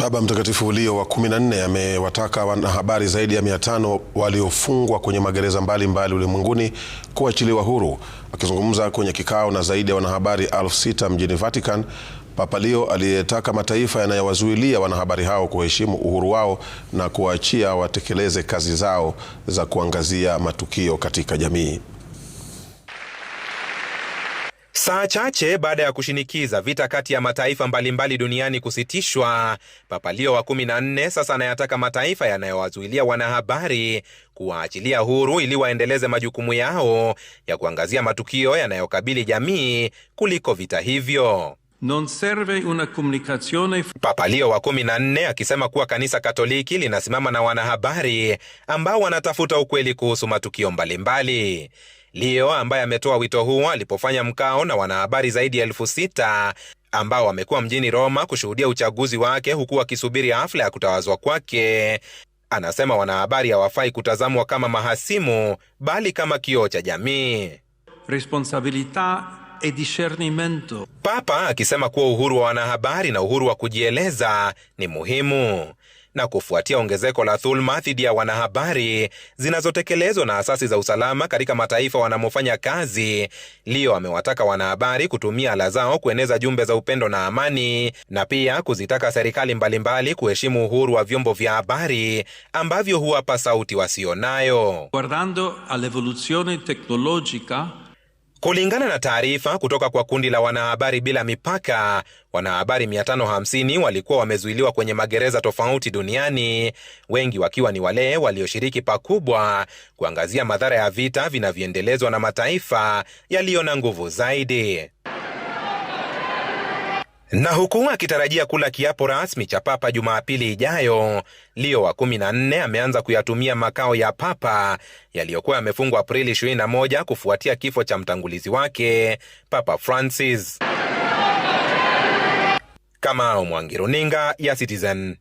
Baba Mtakatifu Leo wa 14 amewataka wanahabari zaidi ya 500 waliofungwa kwenye magereza mbalimbali ulimwenguni kuachiliwa huru. Akizungumza kwenye kikao na zaidi ya wanahabari elfu sita mjini Vatican, Papa Leo aliyetaka mataifa yanayowazuilia wanahabari hao kuheshimu uhuru wao na kuwaachia watekeleze kazi zao za kuangazia matukio katika jamii. Saa chache baada ya kushinikiza vita kati ya mataifa mbalimbali duniani kusitishwa, Papa Leo wa 14 sasa anayataka mataifa yanayowazuilia wanahabari kuwaachilia huru ili waendeleze majukumu yao ya kuangazia matukio yanayokabili jamii kuliko vita hivyo. Non serve una comunicazione... Papa Leo wa 14 akisema kuwa kanisa Katoliki linasimama na wanahabari ambao wanatafuta ukweli kuhusu matukio mbalimbali mbali. Leo ambaye ametoa wito huo alipofanya mkao na wanahabari zaidi ya elfu sita ambao wamekuwa mjini Roma kushuhudia uchaguzi wake huku wakisubiri hafla ya kutawazwa kwake. Anasema wanahabari hawafai kutazamwa kama mahasimu bali kama kioo cha jamii. Responsabilita e discernimento. Papa akisema kuwa uhuru wa wanahabari na uhuru wa kujieleza ni muhimu na kufuatia ongezeko la dhuluma dhidi ya wanahabari zinazotekelezwa na asasi za usalama katika mataifa wanamofanya kazi. Leo amewataka wanahabari kutumia ala zao kueneza jumbe za upendo na amani, na pia kuzitaka serikali mbalimbali kuheshimu uhuru wa vyombo vya habari ambavyo huwapa sauti wasionayo. guardando all'evoluzione tecnologica Kulingana na taarifa kutoka kwa kundi la wanahabari bila mipaka, wanahabari 550 walikuwa wamezuiliwa kwenye magereza tofauti duniani, wengi wakiwa ni wale walioshiriki pakubwa kuangazia madhara ya vita vinavyoendelezwa na mataifa yaliyo na nguvu zaidi na huku akitarajia kula kiapo rasmi cha papa Jumapili ijayo, Leo wa 14 ameanza kuyatumia makao ya papa yaliyokuwa yamefungwa Aprili 21 kufuatia kifo cha mtangulizi wake Papa Francis. kama Mwangi, runinga ya Citizen.